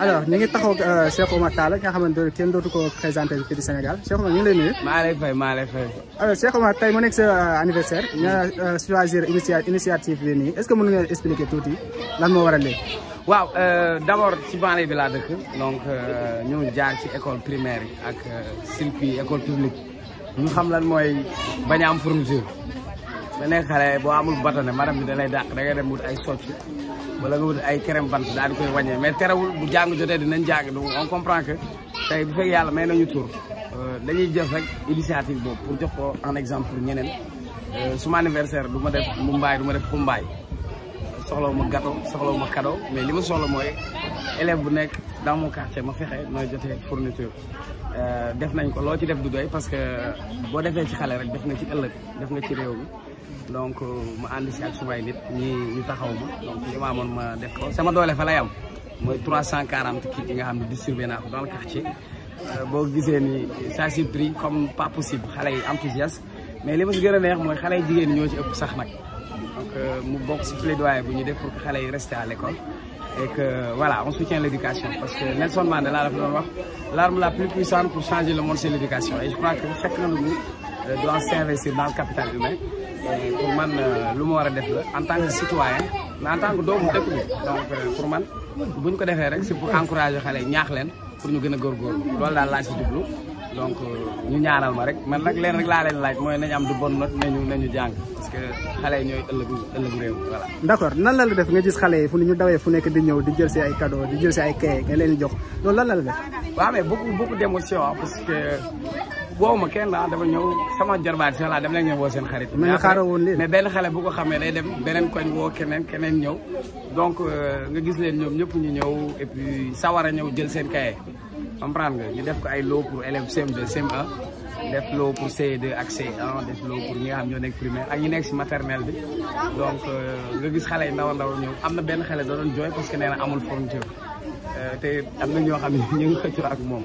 alors ñu ngi taxaw ak euh, Cheikh Oumar Talla xamante ne kenn dootu ko présenté fii di Sénégal Cheikh Oumar ñu ngi lay nuyu. maa lay fay maa lay fay. alors Cheikh Oumar tey mu nekk euh, anniversaire euh, choisir initiative bi nii est-ce que mën nga expliquer tuuti lan moo waral léegi. waaw d'abord ci banlieue bi laa dëkk donc ñu jaar ci école primaire yi ak circuit école publique ñu xam lan mooy bañ a am fourniture. ba nekk xale boo amul batane madame bi da lay dàq da ngay dem wut ay socc wala nga wut ay crème bant daal di koy wàññee mais terewul bu jàng jotee dinañ jàng donc on comprend que tey bu fekk yàlla may nañu tur euh, dañuy jëf rek initiative boobu pour jox ko en exemple ñeneen euh, suma anniversaire du ma def mumbaay du ma def xumbaay soxlawu ma soxla soxlawu ma cadeau mais li ma soxla mooy élève bu nekk dans mon quartier ma fexe nooy jotee fourniture euh, def nañ ko loo ci def du doy parce que boo defee ci xale rek def nga ci ëllëg def nga ci réew mi donc euh, ma andi ci ak sumay nit ñi ñu taxaw ma donc li ma amoon ma def ko sama doole fa lay am moy 340 cent yi nga xamni ne distribué naa ko dans le quartier euh, bo gisee ni ça c'est pris comme pas possible xalé yi enthousiaste mais li ma si neex moy xalé yi jigéen ñoo ci ëpp sax nak donc euh, mu bok ci plaidoyer bu ñu def pour que xale yi rester à l'école et que voilà on soutient l'éducation parce que Nelson Mandela dafa doon wax l'arme la plus puissante pour changer le monde c'est l'éducation et je crois que chacun de nous doit s'investir dans le capital humain pour man euh, lu ma war a def la en tant que citoyen mais en tant que doomu dëkk bi donc euh, pour man buñ ko defee rek c'est pour encourager xale yi ñaax leen pour ñu gën a góorgóorlu loolu daal laa ci jublu donc euh, ñu ñaanal ma rek man nag leen rek laa leen laaj mooy nañu am du bon note nañu ñu jàng parce que xale yi ñooy ëllëgu ëllëgu réew voilà d'accord nan la la def nga gis xale yi fu ñu dawee fu nekk di ñëw di jël si ay cadeau di jël si ay kaye nga leen jox loolu lan la la def waaw mais woow ma kenn ah dama ñëw sama jarbaat si laa dem la ñu woo seen xarit. mais xaaral woon léegi mais benn xale bu ko xamee day dem beneen koñ woo keneen keneen ñëw. donc euh, nga gis leen ñoom ñëpp ñu ñëw sawar a ñëw jël seen cahier comprendre nga ñu def ko ay lot pour élèves CM2 CM1. loo pour CE2 ak CE1 pour xam ñoo nekk primaire ak ñi nekk si maternelle bi donc euh, nga gis xale yi ndaw ndaw ñëw am na benn xale da doon jooy parce que nee na amul fourniture euh, te am na ñoo xam ne ñu ngi ak moom.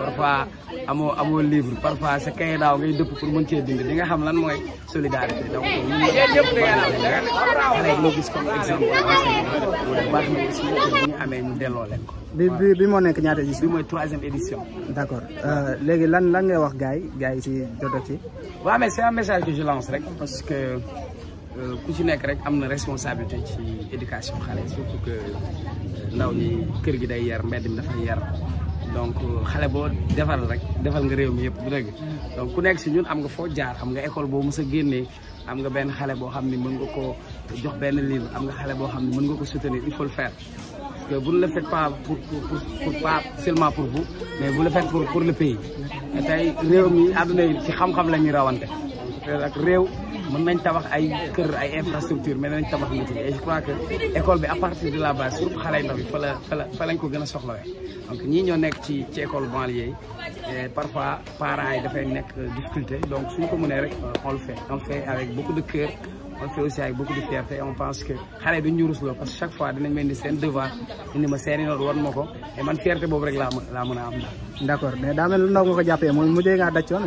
parfois amoo amoo livre parfois sa kay daaw ngay dëpp pour mën cee bind di nga xam lan mooy solidarité donc ñun xale ñu amee ñu delloo leen ko bi moo nekk ñaata édition bi mooy troisième édition d'accord euh, léegi lan lan ngay wax gars yi gars yi ci waaw mais c'est un message que je rek parce que euh, ku ci nekk rek am na responsabilité ci éducation xale surtout que euh, ndaw mi kër gi day yar mbedd mi dafay yar donc xale boo defal rek defal nga réew mi yëpp bu dëgg donc ku nekk si ñun am nga foo jaar am nga école boo mës génnee am nga benn xale boo xam ni mën nga ko jox benn livre am nga xale boo xam ni mën nga ko soutenir il faut le faire parce que vous ne le faites pas pour pas seulement pour bu mais bu le faites pour pour le pays réew mi àdduna yi si xam-xam la ñuy rawante ak réew mën nañ tabax ay kër ay infrastructure mais nañ tabax métier et je crois que école bi à partir de la base surtout xale ndaw yi fa la fa la fa lañ ko gën a soxlawee donc ñii ñoo nekk ci ci école banlieue yi parfois parents yi dafay nekk euh, difficulté donc suñ ko mënee rek euh, on le fait on fait avec beaucoup de cœur on fait aussi avec beaucoup de fierté et on pense que xale du ñu rusloo parce que chaque fois dinañ mel ni seen devoir indi ma seeni noonu war ma ko et man fierté boobu rek laa mën laa mën a am daal. d' accord mais daa mel ndaw nga ko jàppee mooy mujjee ngaa daj yoon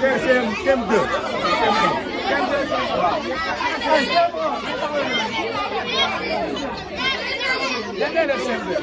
xem xem xem được xem được xem được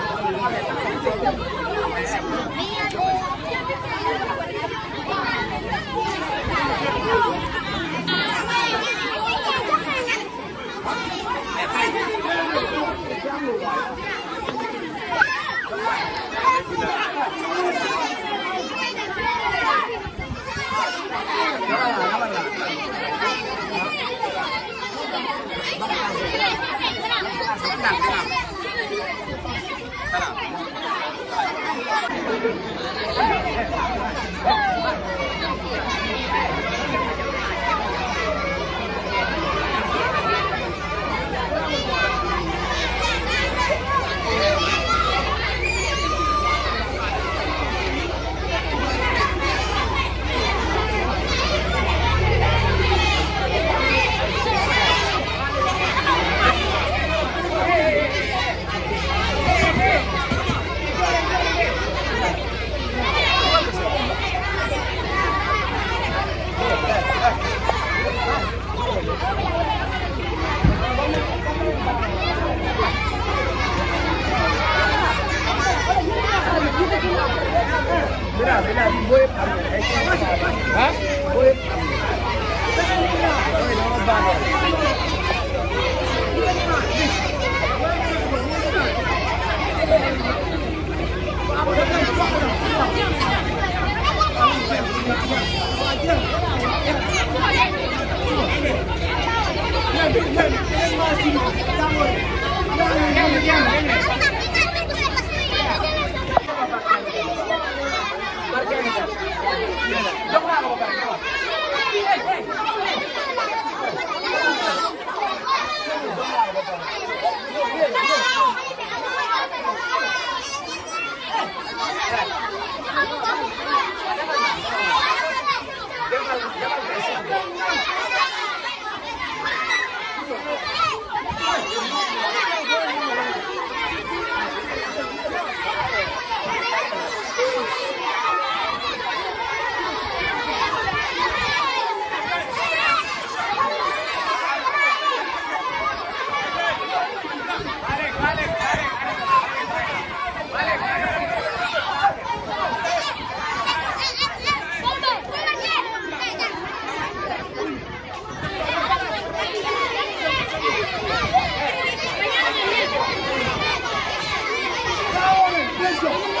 笑。